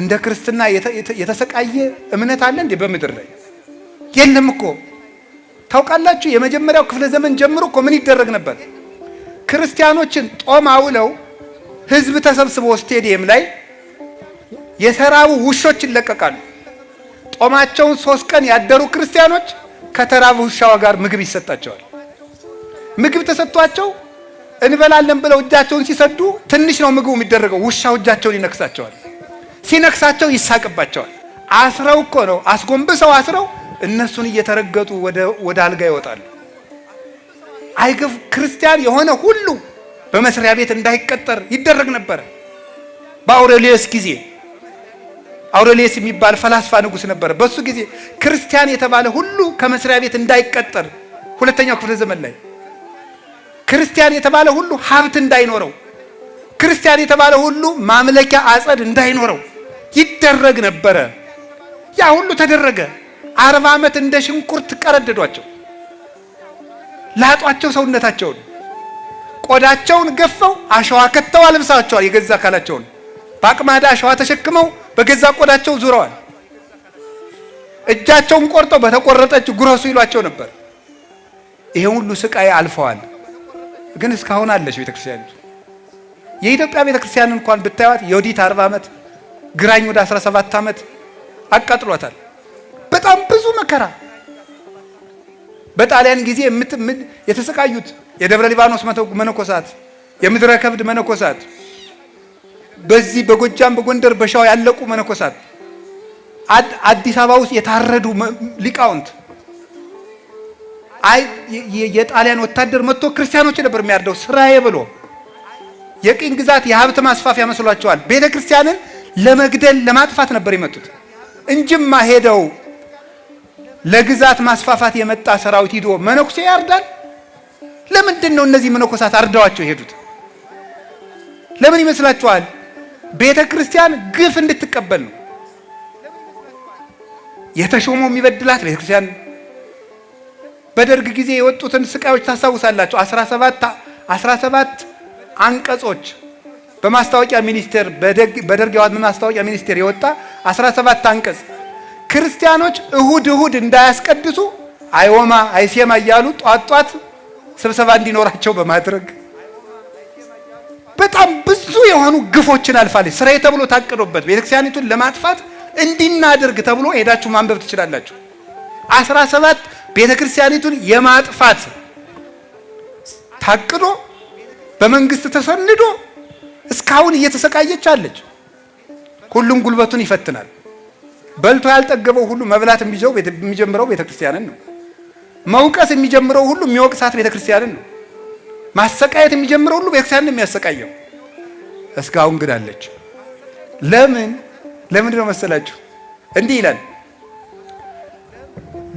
እንደ ክርስትና የተሰቃየ እምነት አለ እንዴ? በምድር ላይ የለም እኮ ታውቃላችሁ። የመጀመሪያው ክፍለ ዘመን ጀምሮ እኮ ምን ይደረግ ነበር? ክርስቲያኖችን ጦም አውለው ህዝብ ተሰብስቦ ስቴዲየም ላይ የተራቡ ውሾች ይለቀቃሉ። ጦማቸውን ሶስት ቀን ያደሩ ክርስቲያኖች ከተራቡ ውሻዋ ጋር ምግብ ይሰጣቸዋል። ምግብ ተሰጥቷቸው እንበላለን ብለው እጃቸውን ሲሰዱ ትንሽ ነው ምግቡ የሚደረገው፣ ውሻው እጃቸውን ይነክሳቸዋል። ሲነክሳቸው ይሳቅባቸዋል። አስረው እኮ ነው አስጎንብሰው አስረው እነሱን እየተረገጡ ወደ አልጋ ይወጣሉ። አይገፍ ክርስቲያን የሆነ ሁሉ በመስሪያ ቤት እንዳይቀጠር ይደረግ ነበር በአውሬሊዮስ ጊዜ አውሬሊዮስ የሚባል ፈላስፋ ንጉስ ነበር በሱ ጊዜ ክርስቲያን የተባለ ሁሉ ከመስሪያ ቤት እንዳይቀጠር፣ ሁለተኛው ክፍለ ዘመን ላይ ክርስቲያን የተባለ ሁሉ ሀብት እንዳይኖረው፣ ክርስቲያን የተባለ ሁሉ ማምለኪያ አጸድ እንዳይኖረው ይደረግ ነበረ። ያ ሁሉ ተደረገ። አርባ ዓመት እንደ ሽንኩርት ቀረደዷቸው፣ ላጧቸው፣ ሰውነታቸውን ቆዳቸውን ገፈው አሸዋ ከተው አልብሳቸዋል። የገዛ አካላቸውን በአቅማዳ አሸዋ ተሸክመው በገዛ ቆዳቸው ዙረዋል። እጃቸውን ቆርጠው በተቆረጠች ጉረሱ ይሏቸው ነበር። ይሄ ሁሉ ስቃይ አልፈዋል። ግን እስካሁን አለች ቤተክርስቲያን። የኢትዮጵያ ቤተክርስቲያን እንኳን ብታዩት የወዲት አርባ ዓመት ግራኝ ወደ 17 ዓመት አቃጥሏታል። በጣም ብዙ መከራ በጣሊያን ጊዜ የተሰቃዩት የደብረ ሊባኖስ መነኮሳት፣ የምድረ ከብድ መነኮሳት፣ በዚህ በጎጃም በጎንደር በሸዋ ያለቁ መነኮሳት፣ አዲስ አበባ ውስጥ የታረዱ ሊቃውንት አይ የጣሊያን ወታደር መጥቶ ክርስቲያኖች ነበር የሚያርደው ስራዬ ብሎ የቅኝ ግዛት የሀብት ማስፋፊያ መስሏቸዋል ቤተ ክርስቲያንን ለመግደል ለማጥፋት ነበር የመጡት። እንጅማ ሄደው ለግዛት ማስፋፋት የመጣ ሰራዊት ሂዶ መነኩሴ ያርዳል? ለምንድን ነው እነዚህ መነኮሳት አርደዋቸው የሄዱት? ለምን ይመስላችኋል? ቤተ ክርስቲያን ግፍ እንድትቀበል ነው። የተሾመው የሚበድላት ቤተ ክርስቲያን በደርግ ጊዜ የወጡትን ስቃዮች ታስታውሳላችሁ። 17 17 አንቀጾች በማስታወቂያ ሚኒስቴር በደርግ ማስታወቂያ ሚኒስቴር የወጣ 17 አንቀጽ ክርስቲያኖች እሁድ እሁድ እንዳያስቀድሱ አይወማ አይሴማ እያሉ ጧት ጧት ስብሰባ እንዲኖራቸው በማድረግ በጣም ብዙ የሆኑ ግፎችን አልፋለች። ስራዬ ተብሎ ታቅዶበት ቤተክርስቲያኒቱን ለማጥፋት እንዲናደርግ ተብሎ ሄዳችሁ ማንበብ ትችላላችሁ። 17 ቤተክርስቲያኒቱን የማጥፋት ታቅዶ በመንግስት ተሰንዶ እስካሁን እየተሰቃየች አለች። ሁሉም ጉልበቱን ይፈትናል። በልቶ ያልጠገበው ሁሉ መብላት የሚጀምረው ቤተክርስቲያንን ነው። መውቀስ የሚጀምረው ሁሉ የሚወቅሳት ቤተክርስቲያንን ነው። ማሰቃየት የሚጀምረው ሁሉ ቤተክርስቲያንን የሚያሰቃየው እስካሁን ግን አለች። ለምን ለምንድን ነው መሰላችሁ? እንዲህ ይላል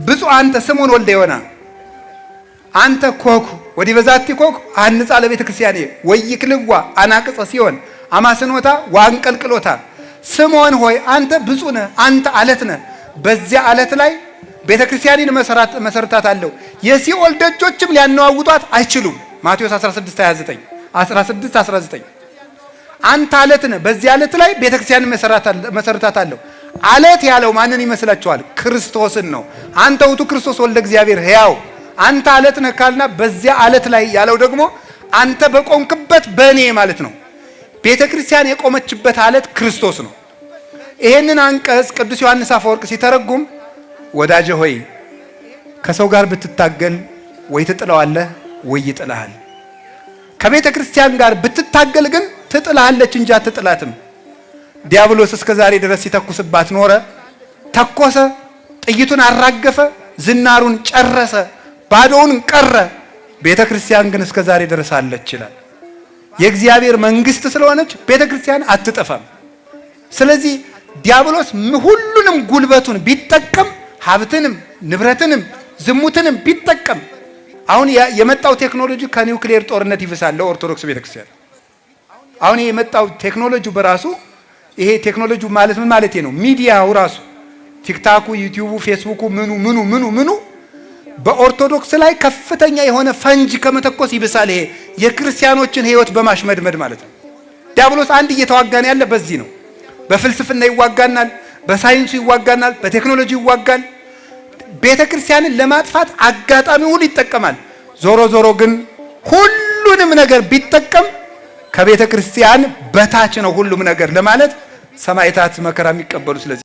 ብፁዕ አንተ ስምዖን ወልደ ዮና አንተ ኮኩ ወዲ በዛቲ ኮክ አንጻ ለቤተ ክርስቲያኔ ክልዋ አናቅጸ ሲሆን አማስኖታ ዋንቀልቅሎታ ስምዖን ሆይ አንተ ብፁዕ ነህ፣ አንተ አለት ነህ። በዚያ አለት ላይ ቤተ ክርስቲያኔን መሰረታት አለው። የሲኦል ደጆችም ሊያነዋውጧት አይችሉም። ማቴዎስ 16 29 16 19 አንተ አለት ነህ፣ በዚያ አለት ላይ ቤተ ክርስቲያንን መሰረታት አለው። አለት ያለው ማንን ይመስላችኋል? ክርስቶስን ነው። አንተ ውእቱ ክርስቶስ ወልደ እግዚአብሔር ሕያው አንተ አለት ነህ ካልና በዚያ አለት ላይ ያለው ደግሞ አንተ በቆምክበት በእኔ ማለት ነው። ቤተ ክርስቲያን የቆመችበት አለት ክርስቶስ ነው። ይሄንን አንቀጽ ቅዱስ ዮሐንስ አፈወርቅ ሲተረጉም ወዳጀ ሆይ ከሰው ጋር ብትታገል ወይ ትጥለዋለህ ወይ ይጥልሃል። ከቤተ ክርስቲያን ጋር ብትታገል ግን ትጥልሃለች እንጂ አትጥላትም። ዲያብሎስ እስከ ዛሬ ድረስ ሲተኩስባት ኖረ። ተኮሰ፣ ጥይቱን አራገፈ፣ ዝናሩን ጨረሰ። ባዶውን ቀረ። ቤተ ክርስቲያን ግን እስከ ዛሬ ድረስ አለች ይላል። የእግዚአብሔር መንግስት ስለሆነች ቤተ ክርስቲያን አትጠፋም። ስለዚህ ዲያብሎስ ሁሉንም ጉልበቱን ቢጠቀም ሀብትንም ንብረትንም ዝሙትንም ቢጠቀም አሁን የመጣው ቴክኖሎጂ ከኒውክሌር ጦርነት ይፈሳል ለኦርቶዶክስ ቤተክርስቲያን። አሁን የመጣው ቴክኖሎጂ በራሱ ይሄ ቴክኖሎጂ ማለት ምን ማለት ነው? ሚዲያው ራሱ ቲክታኩ፣ ዩቲዩቡ፣ ፌስቡኩ ምኑ ምኑ ምኑ ምኑ በኦርቶዶክስ ላይ ከፍተኛ የሆነ ፈንጅ ከመተኮስ ይብሳል። ይሄ የክርስቲያኖችን ሕይወት በማሽመድመድ ማለት ነው። ዲያብሎስ አንድ እየተዋጋን ያለ በዚህ ነው። በፍልስፍና ይዋጋናል፣ በሳይንሱ ይዋጋናል፣ በቴክኖሎጂ ይዋጋል። ቤተ ክርስቲያንን ለማጥፋት አጋጣሚ ሁሉ ይጠቀማል። ዞሮ ዞሮ ግን ሁሉንም ነገር ቢጠቀም ከቤተ ክርስቲያን በታች ነው ሁሉም ነገር ለማለት ሰማዕታት መከራ የሚቀበሉ ስለዚህ